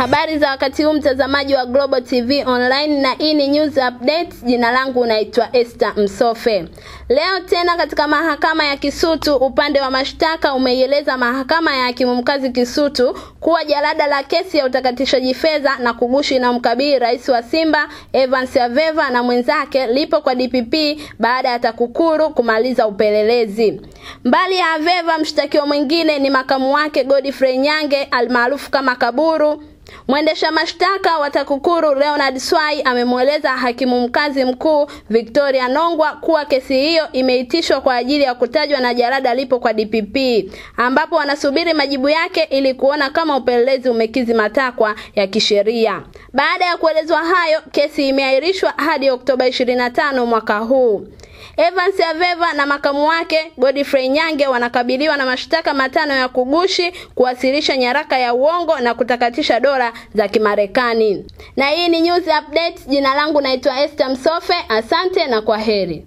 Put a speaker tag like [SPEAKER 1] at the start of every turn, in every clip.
[SPEAKER 1] Habari za wakati huu mtazamaji wa Global TV Online na hii ni news update. Jina langu naitwa Esther Msofe. Leo tena katika mahakama ya Kisutu, upande wa mashtaka umeieleza mahakama ya hakimu mkazi Kisutu kuwa jalada la kesi ya utakatishaji fedha na kugushi inayomkabili rais wa Simba Evans Aveva na mwenzake lipo kwa DPP baada ya TAKUKURU kumaliza upelelezi. Mbali ya Aveva, mshtakiwa mwingine ni makamu wake Godfrey Nyange almaarufu kama Kaburu Mwendesha mashtaka wa TAKUKURU Leonard Swai amemweleza hakimu mkazi mkuu Victoria Nongwa kuwa kesi hiyo imeitishwa kwa ajili ya kutajwa na jarada lipo kwa DPP ambapo wanasubiri majibu yake ili kuona kama upelelezi umekizi matakwa ya kisheria. Baada ya kuelezwa hayo, kesi imeahirishwa hadi Oktoba 25 mwaka huu. Evans Aveva na makamu wake Godfrey Nyange wanakabiliwa na mashtaka matano ya kugushi, kuwasilisha nyaraka ya uongo na kutakatisha dola za Kimarekani. Na hii ni news update. Jina langu naitwa Esther Msofe. Asante na kwa heri.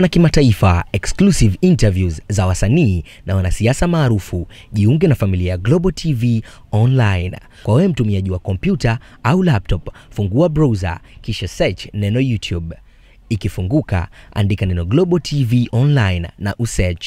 [SPEAKER 2] na kimataifa, exclusive interviews za wasanii na wanasiasa maarufu. Jiunge na familia ya Global TV Online. Kwa wewe mtumiaji wa kompyuta au laptop, fungua browser kisha search neno YouTube. Ikifunguka, andika neno Global TV Online na usearch.